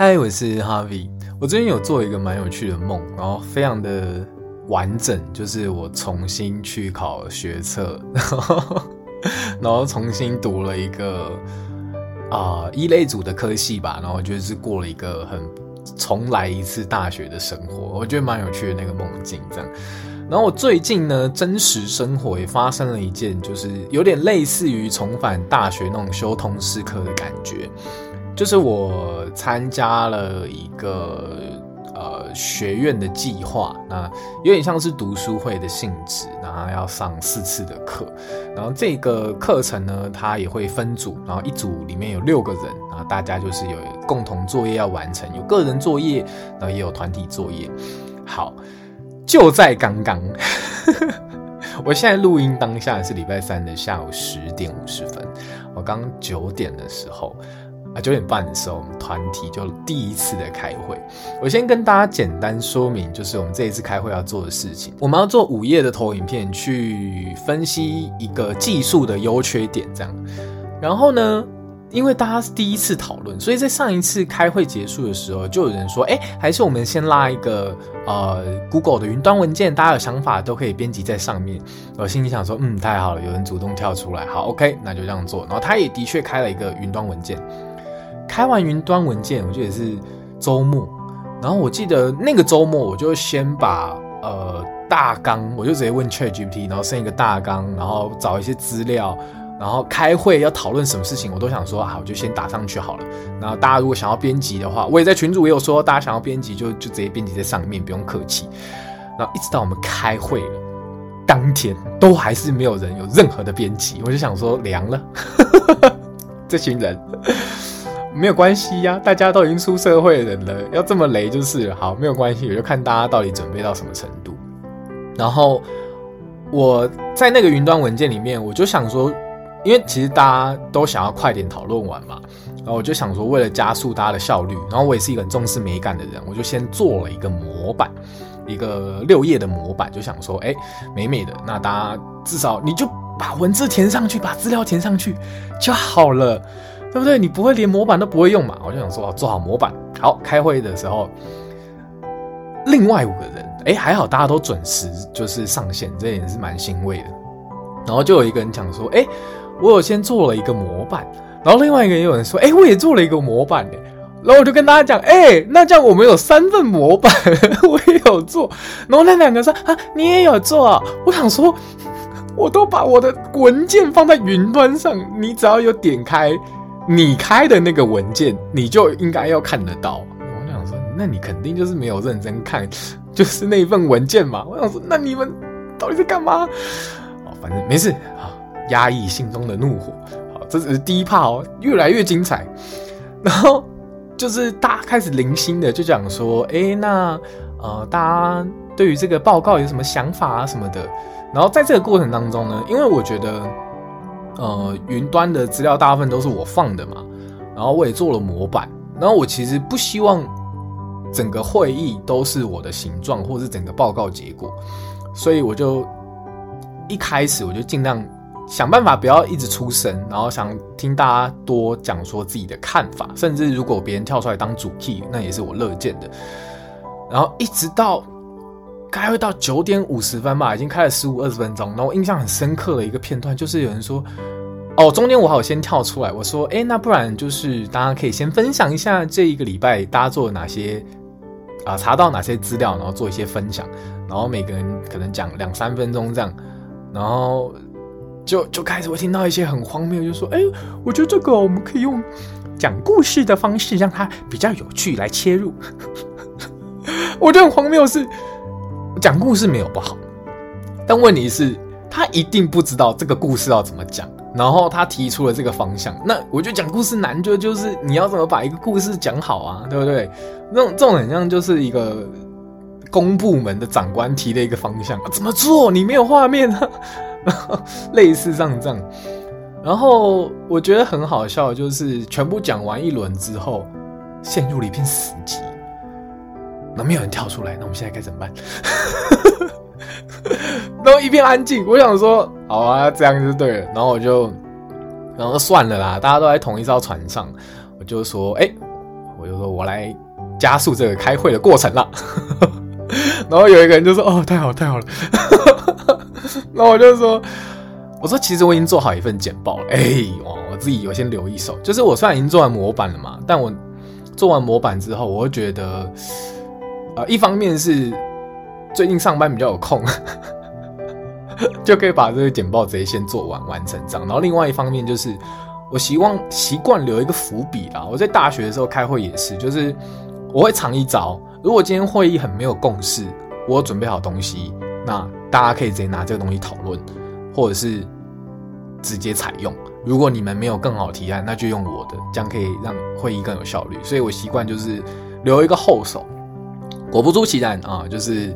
嗨，Hi, 我是 Harvie。我最近有做一個蠻有趣的夢，然後非常的完整，就是我重新去考學測，然後， 然後重新讀了一個啊一、呃一、類組的科系吧，然後就是過了一個很重來一次大學的生活，我覺得蠻有趣的那個夢境這樣。然後我最近呢，真實生活也發生了一件，就是有點類似於重返大學那種修通識課的感覺。就是我參加了一個呃學院的計劃，那有點像是讀書會的性質，然後要上四次的課，然後這個課程呢，它也會分組，然後一組裡面有六個人，然後大家就是有共同作業要完成，有個人作業，然後也有團體作業。好，就在剛剛， 我現在錄音當下是禮拜三的下午十點五十分，我剛九點的時候。啊，九點半的時候，我們團體就第一次的開會。我先跟大家簡單說明，就是我們這一次開會要做的事情。我們要做午夜的投影片，去分析一個技術的優缺點，這樣。然後呢，因為大家是第一次討論，所以在上一次開會結束的時候，就有人說：“哎、欸，還是我們先拉一個呃 Google 的雲端文件，大家有想法都可以編輯在上面。”我心裡想說：“嗯，太好了，有人主動跳出來。好”好，OK，那就這樣做。然後他也的確開了一個雲端文件。開完雲端文件，我記得是週末，然後我記得那個週末，我就先把呃大綱，我就直接問 Chat GPT，然後生一個大綱，然後找一些資料，然後開會要討論什麼事情，我都想說啊，我就先打上去好了。然後大家如果想要編輯的話，我也在群組，也有說，大家想要編輯就就直接編輯在上面，不用客氣。然後一直到我們開會了當天，都還是沒有人有任何的編輯，我就想說涼了， 這群人。沒有關係呀、啊，大家都已經出社會人了，要這麼雷就是了。好，沒有關係，我就看大家到底準備到什麼程度。然後我在那個雲端文件裡面，我就想說，因為其實大家都想要快點討論完嘛，然後我就想說，為了加速大家的效率，然後我也是一個很重視美感的人，我就先做了一個模板，一個六頁的模板，就想說，誒，美美的，那大家至少你就把文字填上去，把資料填上去就好了。對不對？你不會連模板都不會用嘛？我就想說，做好模板。好，開會的時候，另外五個人，哎，還好大家都準時，就是上線，這也是蠻欣慰的。然後就有一個人講說：“哎，我有先做了一個模板。”然後另外一個也有人說：“哎，我也做了一個模板呢、欸。”然後我就跟大家講：“哎，那這樣我們有三份模板， 我也有做。”然後那兩個說：“啊，你也有做？”啊，我想說，我都把我的文件放在雲端上，你只要有點開。你開的那個文件，你就應該要看得到。我想說，那你肯定就是沒有認真看，就是那份文件嘛。我想說，那你們到底在幹嘛？好、哦，反正沒事啊，壓、哦、抑心中的怒火。好、哦，這只是第一炮、哦、越來越精彩。然後就是大家開始零星的就講說，哎、欸，那呃，大家對於這個報告有什麼想法啊什麼的。然後在這個過程當中呢，因為我覺得。呃，雲端的資料大部分都是我放的嘛，然後我也做了模板。然後我其實不希望整個會議都是我的形狀，或是整個報告結果，所以我就一開始我就盡量想辦法不要一直出聲，然後想聽大家多講說自己的看法，甚至如果別人跳出來當主 key，那也是我樂見的。然後一直到。開會到九點五十分吧，已經開了十五二十分鐘。然後印象很深刻的一個片段，就是有人說：“哦，中間我好先跳出來。”我說：“哎，那不然就是大家可以先分享一下這一個禮拜大家做了哪些啊查到哪些資料，然後做一些分享，然後每個人可能講兩三分鐘這樣。”然後就就開始會聽到一些很荒謬，就說：“哎，我覺得這個我們可以用講故事的方式讓它比較有趣來切入。 ”我覺得很荒謬是。講故事沒有不好，但問題是，他一定不知道這個故事要怎麼講。然後他提出了這個方向，那我覺得講故事難，就就是你要怎麼把一個故事講好啊，對不對？那這，這種很像就是一個公部門的長官提的一個方向，啊，怎麼做？你沒有畫面啊，然後類似這樣這樣。然後我覺得很好笑，就是全部講完一輪之後，陷入了一片死寂。那沒有人跳出來，那我們現在該怎麼辦？ 然後一片安靜。我想說，好啊，這樣就對了。然後我就，然後算了啦，大家都在同一艘船上，我就說，哎、欸，我就說我來加速這個開會的過程啦。 然後有一個人就說，哦，太好，太好了。 然後我就說，我說其實我已經做好一份簡報了，哎、欸，我自己我先留一手，就是我雖然已經做完模板了嘛，但我做完模板之後，我會覺得。一方面是最近上班比較有空， 就可以把這個簡報直接先做完完成這樣。然後另外一方面就是我，我希望習慣留一個伏筆啦。我在大學的時候開會也是，就是我會藏一招。如果今天會議很沒有共識，我準備好東西，那大家可以直接拿這個東西討論，或者是直接採用。如果你們沒有更好的提案，那就用我的，這樣可以讓會議更有效率。所以我習慣就是留一個後手。果不出其然啊，就是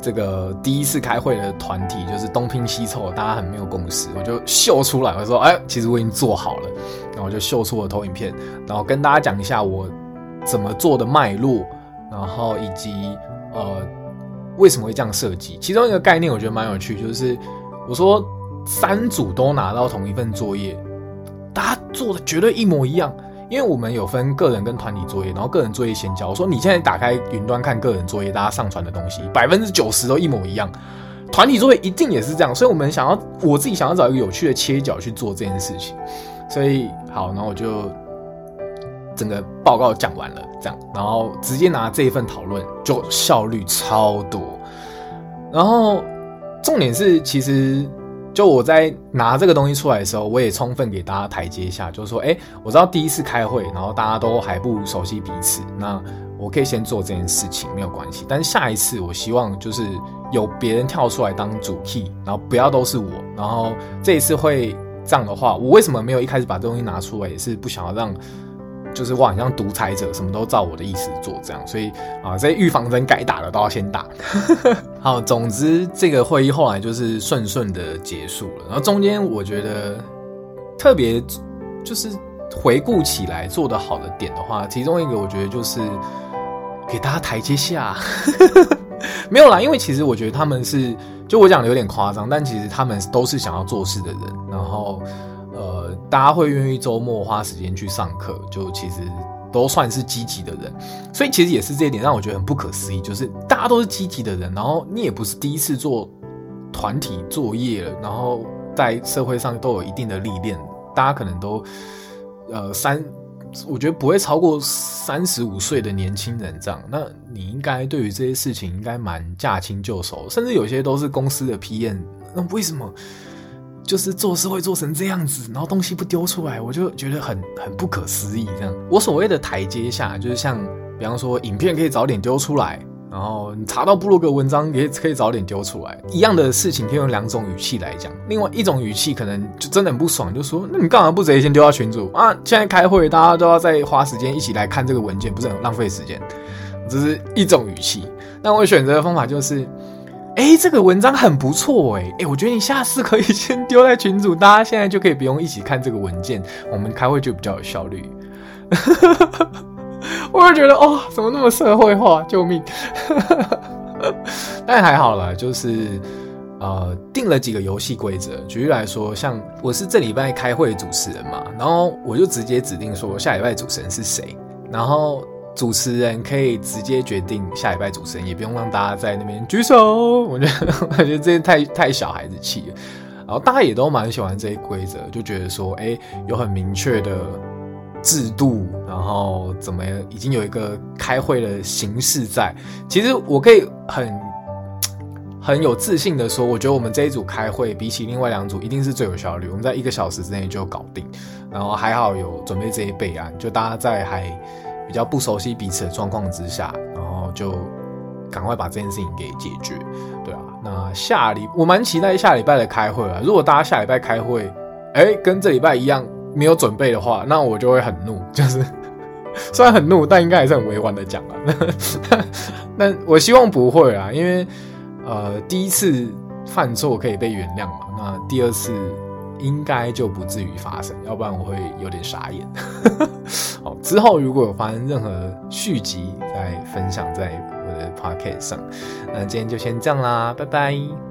這個第一次開會的團體，就是東拼西湊，大家很沒有共識。我就秀出來，我說：“哎，其實我已經做好了。”然後我就秀出了投影片，然後跟大家講一下我怎麼做的脈絡，然後以及呃為什麼會這樣設計。其中一個概念我覺得蠻有趣，就是我說三組都拿到同一份作業，大家做的絕對一模一樣。因為我們有分個人跟團體作業，然後個人作業先交。我說你現在打開雲端看個人作業，大家上傳的東西百分之九十都一模一樣，團體作業一定也是這樣。所以我們想要，我自己想要找一個有趣的切角去做這件事情。所以好，然後我就整個報告講完了，這樣，然後直接拿這一份討論，就效率超多。然後重點是，其實。就我在拿這個東西出來的時候，我也充分給大家台階下，就是說，哎，我知道第一次開會，然後大家都還不熟悉彼此，那我可以先做這件事情沒有關係。但是下一次我希望就是有別人跳出來當主 key，然後不要都是我。然後這一次會這樣的話，我為什麼沒有一開始把這東西拿出來，也是不想要讓。就是哇，你像獨裁者，什麼都照我的意思做這樣，所以啊，這預防針該打的都要先打 好。總之，這個會議後來就是順順的結束了。然後中間，我覺得特別就是回顧起來做得好的點的話，其中一個我覺得就是給大家台階下， 沒有啦，因為其實我覺得他們是就我講的有點誇張，但其實他們都是想要做事的人，然後。呃，大家會願意周末花時間去上課，就其實都算是積極的人，所以其實也是這一點讓我覺得很不可思議，就是大家都是積極的人，然後你也不是第一次做團體作業了，然後在社會上都有一定的歷練，大家可能都呃三，3, 我覺得不會超過三十五歲的年輕人這樣，那你應該對於這些事情應該蠻駕輕就熟，甚至有些都是公司的 PM，那為什麼？就是做事會做成這樣子，然後東西不丟出來，我就覺得很很不可思議。這樣，我所謂的台階下，就是像比方說，影片可以早點丟出來，然後你查到部落格文章也可以早點丟出來，一樣的事情可以用兩種語氣來講。另外一種語氣可能就真的很不爽，就說那你幹嘛不直接先丟到群組啊？現在開會大家都要再花時間一起來看這個文件，不是很浪費時間？這，就是一種語氣。那我選擇的方法就是。哎，這個文章很不錯哎哎，我覺得你下次可以先丟在群組，大家現在就可以不用一起看這個文件，我們開會就比較有效率。 我就覺得哦，怎麼那麼社會化，救命！ 但還好啦。就是呃，定了幾個遊戲規則。舉例來說，像我是這禮拜開會的主持人嘛，然後我就直接指定說下禮拜的主持人是誰，然後。主持人可以直接決定下禮拜主持人，也不用讓大家在那邊舉手。我覺得，我覺得這些太太小孩子氣了。然後大家也都蠻喜歡這些規則，就覺得說，哎、欸，有很明確的制度，然後怎麼已經有一個開會的形式在。其實我可以很很有自信的說，我覺得我們這一組開會比起另外兩組一定是最有效率。我們在一個小時之內就搞定，然後還好有準備這些備案，就大家在還。比較不熟悉彼此的狀況之下，然後就趕快把這件事情給解決。對啊，那下禮我蠻期待下禮拜的開會啊。如果大家下禮拜開會，哎、欸，跟這禮拜一樣沒有準備的話，那我就會很怒。就是雖然很怒，但應該還是很委婉的講啊。那 我希望不會啊，因為呃第一次犯錯可以被原諒嘛。那第二次。應該就不至於發生，要不然我會有點傻眼。 好，之後如果有發生任何續集，再分享在我的 podcast 上。那今天就先這樣啦，拜拜。